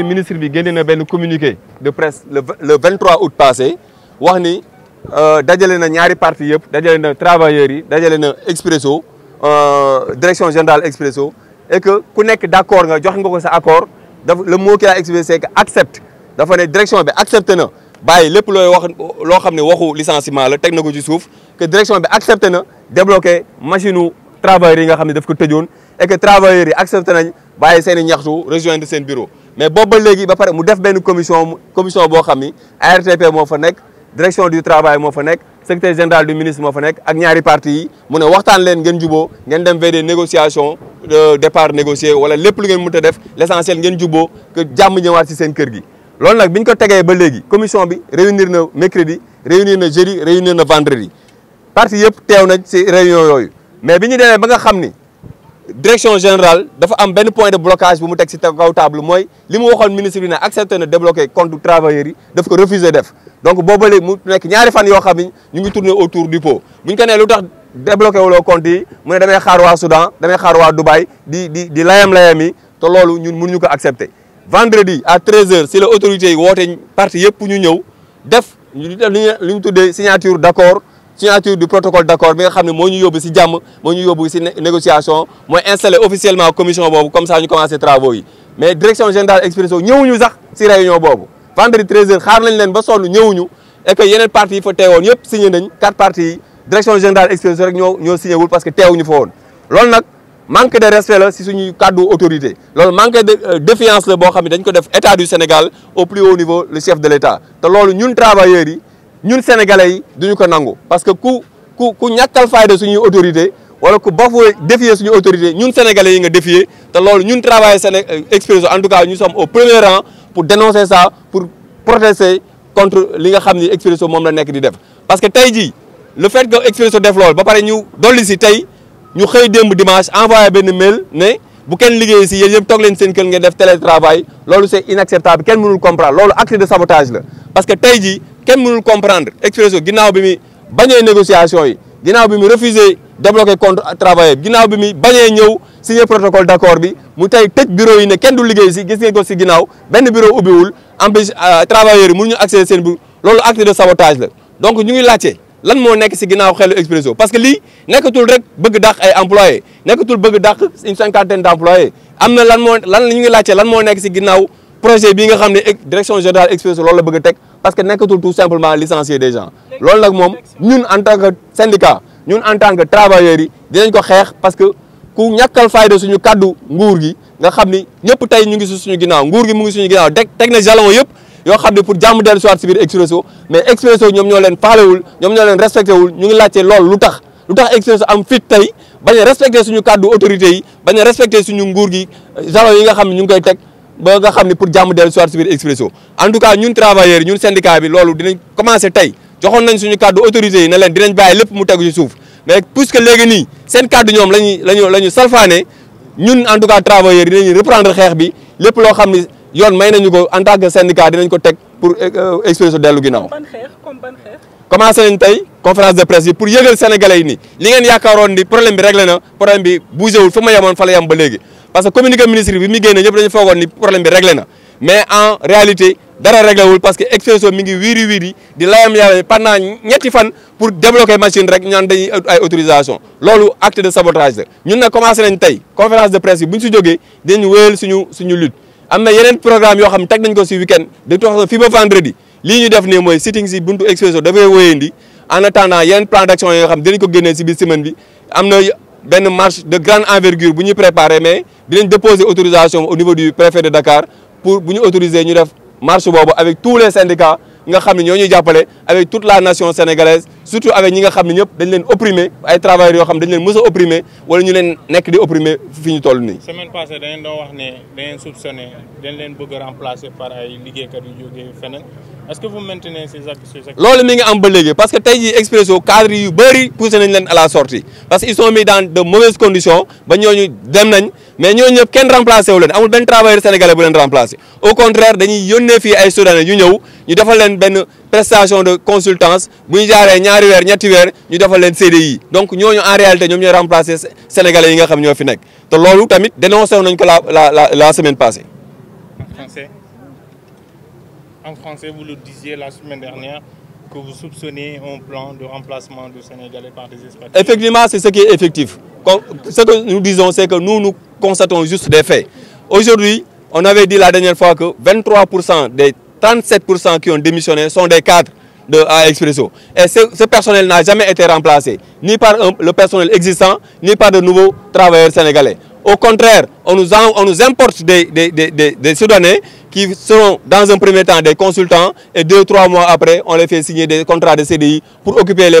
ministre bi génne na benn communiqué de presse le 23 août passé wax ni euh, dajale na ñaari parti yëpp dajale na travailleurs yi dajale na Expresso euh, direction générale Expresso et que ku nekk d' accord nga jox nga ko sa accord dafa le mot qu'il a exprimé c'est que accepte dafa ne direction bi accepté na bàyyi lépp looy wax loo xam ne waxu licenciement la teg na ci suuf que direction bi accepté na débloqué machine u travailleurs yi nga xam ne daf ko tëjoon et que travailleurs yi nañ bàyyi seen i ñaxtu rejoindre seen bureau mais boobu ba léegi ba pare mu def benn commission commission boo xam ni ARTP moo fa nekk direction du travail moo fa nekk secrétaire général du ministre moo fa nekk ak ñaari parti yi mu ne waxtaan leen ngeen juboo ngeen dem vers des négociations de euh, départ négocié wala lépp lu ngeen mënut a def l' essentiel ngeen juboo que jàmm ñëwaat si seen kër gi. loolu nag bi ñu ko tegee ba léegi commission bi réunir na mercredi réunir na jeudi réunir na vendredi parti yëpp teew nañ ci réunion yooyu mais bi ñu demee ba nga xam ni. direction générale dafa am benn point de blocage bu mu teg si kaw table mooy li mu waxoon ministre bi ne accepté na débloquer compte travailleurs yi daf ko refusé def donc booba léegi mu nekk ñaari fan yoo xam ni ñu ngi tourner autour du pot bu ñu ko nee lu tax débloqué wuloo compte yi mu ne damay xaar waa Soudan damay xaar waa Dubaï di di di layam-layam yi te loolu ñun mënuñu ko accepté vendredi à 13h si la autorité yi woote parti yëpp ñu ñëw def li ñu tuddee signature d' accord signature du protocole d'accord bi nga xam ne moo ñu yóbbu ci jàmm moo ñu yóbbu ci négociation mooy installer officiellement commission boobu comme ça ñu commencé travaux mais direction générale Expresso ñëwuñu sax ci réunion boobu vendredi 13h xaar nañ leen ba sonn ñëwuñu et que yeneen parti yi fa teewoon yëpp signé nañ quatre wul parce que teewuñu fa woon loolu nag manque de respect la si suñuy kàddu autorité loolu manque de euh, défiance la boo xam ne dañ ko def état du Sénégal au plus haut niveau le chef de loolu ñun travailleurs yi ñun sénégalais yi duñu ko nangu parce que ku ku ku ñàkkal fayda suñuy autorité wala ku bafoué défier suñu autorité ñun sénégalais yi nga défier te loolu ñun travail séné euh, en tout cas ñu sommes au premier rang pour dénoncer ça pour protester contre li nga xam ni Expresso moom la nekk di def. parce que tey jii le fait que Expresso def loolu ba pare ñu dolli si tey ñu xëy démb dimanche envoyé benn mail ne. bu kenn liggéey si yéen yëpp toog leen seen kër ngeen def télétravail loolu c' est inacceptable kenn mënul comprendre loolu acte de sabotage la parce que tey jii kenn mënul comprendre Expresso ginnaaw bi muy bañee négociation yi ginnaaw bi mu refusé débloqué contre travailleur ginnaaw bi muy bañee ñëw signé protocole d' accord bi mu tey tëj bureau yi ne kenn du liggéey si gis ngeen ko si ginnaaw benn bureau ubbiwul empêche euh, travailleurs yi mënuñu accès seen bu loolu acte la donc ñu ngi laajte lan moo nekk si ginnaaw xelu Expresso parce que lii nekkatul rek bëgg dàq ay employés nekkatul bëgg dàq une cinquantaine d' employés am na lan moo lan la ñu ngi laajte lan moo nekk si ginnaaw projet bii nga xam ne direction générale Expresso loolu la bëgg a parce que nekkatul tout simplement licencier des gens loolu nag moom ñun en tant que syndicat ñun en tant que travailleurs yi dinañ ko xeex parce que ku ñàkkal fayda suñu kàddu nguur gi nga xam ni ñëpp tey ñu ngi si suñu ginnaaw nguur gi mu ngi suñu ginnaaw teg teg na jalon yëpp yoo xam ne pour jàmm dellu siwaat si biir Expresso mais Expresso ñoom ñoo leen faalewul ñoom ñoo leen respecté wul ñu ngi laajte loolu lu Expresso am fit tey bañ a respecté suñu kàddu autorité yi bañ a respecté suñu nguur gi jalon yi nga xam ne ñu ngi koy teg ba nga pour jàmm dellu siwaat si biir Expresso en tout cas ñun travailleurs ñun syndicat bi loolu dinañ commencé tey joxoon nañ suñu kàddu autorité yi ne leen dinañ bàyyi lépp mu tegu ci suuf mais puisque léegi nii seen kàddu ñoom yoon may nañu ko en tant que syndicat ko teg pour euh, euh, expliquer dellu ginnaaw. ban xeex comme ban xeex. commencé nañ tey de presse yi pour yëgal sénégalais yi nii li ngeen yaakaaroon ni problème bi réglé na problème bi bougé wul fu ma yemoon fa la ba léegi. parce que communiqué ministre bi mi génne ñëpp dañu foogoon ni problème bi réglé na mais en réalité dara réglé wul parce que expression mi ngi wiiri wiiri di layam yàlla pendant ñetti fan pour débloquer machine rek ñaan dañuy ay autorisation loolu acte de sabotage ñun nag commencé nañ tey conférence de presse yi bu ñu si jógee dinañ wéyal suñu suñu lutte. am na yeneen programme yoo xam teg nañ ko si weekend de toute façon fii ba vendredi lii ñu def nii mooy sitting si buntu exposition dafay wéyandi en attendant yeneen plan d'action yi nga xam dinañ ko génnee si biir semaine bi am na benn marche de grande envergure bu ñu préparé mais dinañ déposer autorisation au niveau du pour bu ñu ñu def marche boobu avec tous les syndicats nga xam ne ñoo ñuy jàppale avec toute la nation sénégalaise surtout avec ñi nga xam ne ñëpp dañ leen opprimer ay travailleurs yoo xam dañ leen mës a opprimer wala ñu leen nekk di opprimer fi ñu toll nii. semaine passée da ngeen doon wax ne da ngeen soupçonné dañ leen bëgg a remplacer par ay liggéeykat yu jógee feneen est-ce que vous maintenez ces actes loolu mi ngi am ba léegi parce que tey jii Expresso cadre yu bëri poussé nañ leen à la sortie parce que ils sont mis dans de mauvaises conditions ba ñooñu dem nañ mais ñooñu ñëpp kenn remplacé wu leen amul benn travailleur sénégalais bu leen remplacé au contraire dañuy yónnee fii ay soudanais yu ñëw ñu defal leen benn prestation de consultance bu ñu jaaree ñaari weer ñetti weer ñu defal leen CDI donc ñooñu en réalité ñoom ñooy remplacer sénégalais yi nga xam ñoo fi nekk te loolu tamit dénoncé nañ ko la la la la semaine passée. en français en français vous le disiez la semaine dernière que vous soupçonnez un plan de remplacement de sénégalais par des expatriés. effectif ce que nous disons c'est que nous nous constatons juste des faits aujourd'hui on avait dit la dernière fois que 23 pour cent 37 pour cent qui ont démissionné sont des cadres de à Expresso et ce, ce personnel n'a jamais été remplacé ni par un, le personnel existant ni par de nouveaux travailleurs sénégalais au contraire on nous en, on nous mois après on les fait signer des contrats de CDI pour occuper les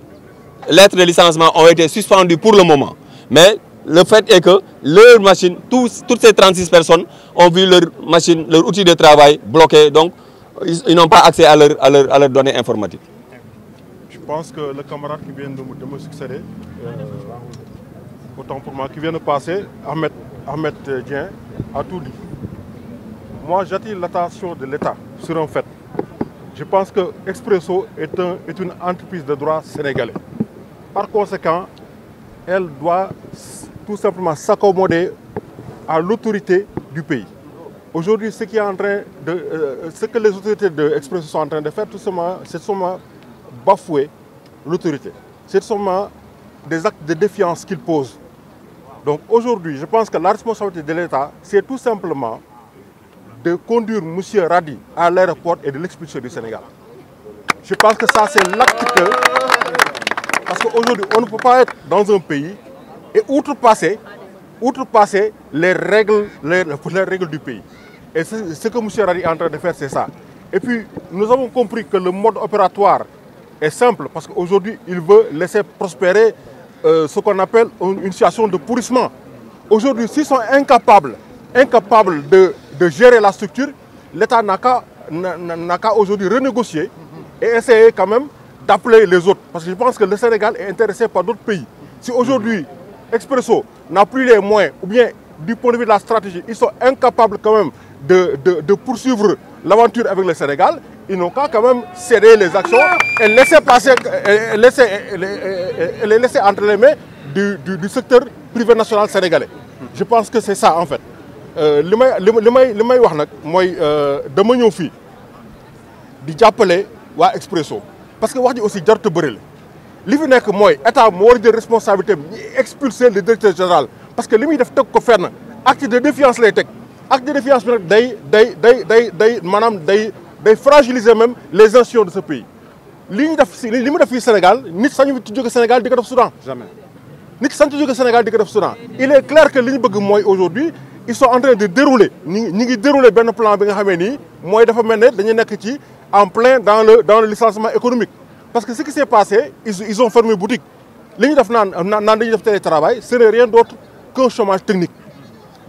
lettres de licenciement ont été suspendues pour le moment. Mais le fait est que leur machine, tous, toutes ces 36 personnes ont vu leur machine, leur outil de travail bloqué. Donc, ils, ils n'ont pas accès à leur, données informatiques. Je pense que le camarade qui vient de, me succéder, euh, autant pour moi, qui vient de passer, a tout dit. Moi, j'attire l'attention de l'État sur un fait. Je pense que Expresso est, un, est une entreprise de droit sénégalais. Par conséquent, elle doit tout simplement s'accommoder à l'autorité du pays. Aujourd'hui, ce, qui est en train de, euh, euh ce les autorités de Expresso sont en train de faire, tout simplement, c'est seulement bafouer l'autorité. C'est des actes de défiance qu'ils posent. Donc aujourd'hui, je pense que la responsabilité de l'État, c'est tout simplement de conduire M. Radi à l'aéroport et de l'expulsion du Sénégal. Je pense que ça, c'est l'acte Parce qu'aujourd'hui, on ne peut pas être dans un pays et outrepasser, outrepasser les, règles, les, les règles du pays. Et ce que M. Rari est en train de faire, c'est ça. nous avons compris que le mode opératoire est simple, parce qu'aujourd'hui, il veut laisser prospérer euh, ce qu'on appelle une situation de pourrissement. Aujourd'hui, s'ils sont incapables, de, de gérer la structure, l'État n'a qu'à renégocier et essayer quand même d'appeler les autres. Parce que je pense que le Sénégal est intéressé par d'autres pays. Si aujourd'hui, Expresso n'a plus les moyens, ou bien du point de vue de la stratégie, ils sont incapables quand même de, de, de poursuivre l'aventure avec le Sénégal, ils n'ont qu'à quand même serrer les actions et laisser passer, et laisser, et les laisser entre les mains du, du, du, secteur privé national sénégalais. Je pense que c'est ça en fait. Euh, li may li li may li may wax nag mooy euh, dama ñëw fii di jàppale waa Expresso parce que wax ji aussi jarut a bëri la li fi nekk mooy état moo war a jël responsabilité bi ñu expulser le directeur général parce que li muy def teg ko fenn acte de défiance lay teg acte de défiance bi nag day day day day day maanaam day day fragiliser même les institutions de ce pays li ñu def si li mu def fii Sénégal nit sañu ci jóge Sénégal di ko def Soudan. nit sañu ci jóge Sénégal di ko def Soudan il est clair que li ñu bëgg mooy aujourd'hui ils sont en train de dérouler ñu ngi ñu benn plan bi nga xamee nii mooy dafa mel ne dañu nekk ci en plein dans le dans le licenciement économique. parce que ce qui s' est passé ils ils fermé boutique li ñu def naan naan dañuy def télétravail ce n' est rien d' technique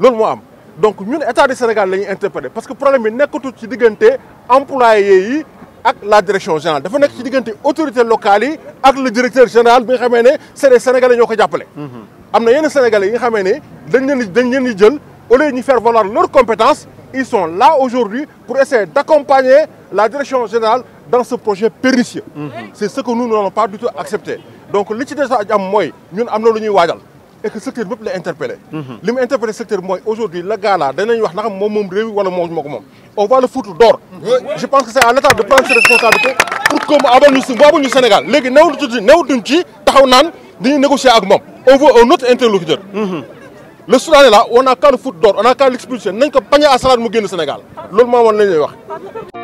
loolu moo am. donc ñun état du Sénégal la ñuy interpellé parce que problème bi nekkatul ci diggante employé yi ak la direction générale dafa nekk ci diggante autorité locales yi ak le directeur général xamee ne c' est les ñoo ko jàppale. Mm-hmm. am na yenn sénégalais yi nga xamee ne dañ leen dañ leen di jël. au lieu de nous faire valoir leurs compétences, ils sont là aujourd'hui pour essayer d'accompagner la direction générale dans ce projet pernicieux. Mmh. C'est ce que nous n'allons pas du tout accepter. Donc, l'utilité de moi, nous avons nous avons et que le secteur peut l'interpeller. Ce mhm. qui interpellé le secteur, aujourd'hui, le gars là, on va le foutre d'or. Je pense que c'est à l'État de prendre ses responsabilités pour que avant nous au Sénégal. Maintenant, nous avons négocié avec le Soudan est n'a qu'à le foutre dehors n'a qu'à l'expulser nañ ko bañ a mu génn Sénégal loolu moo woon lañ lay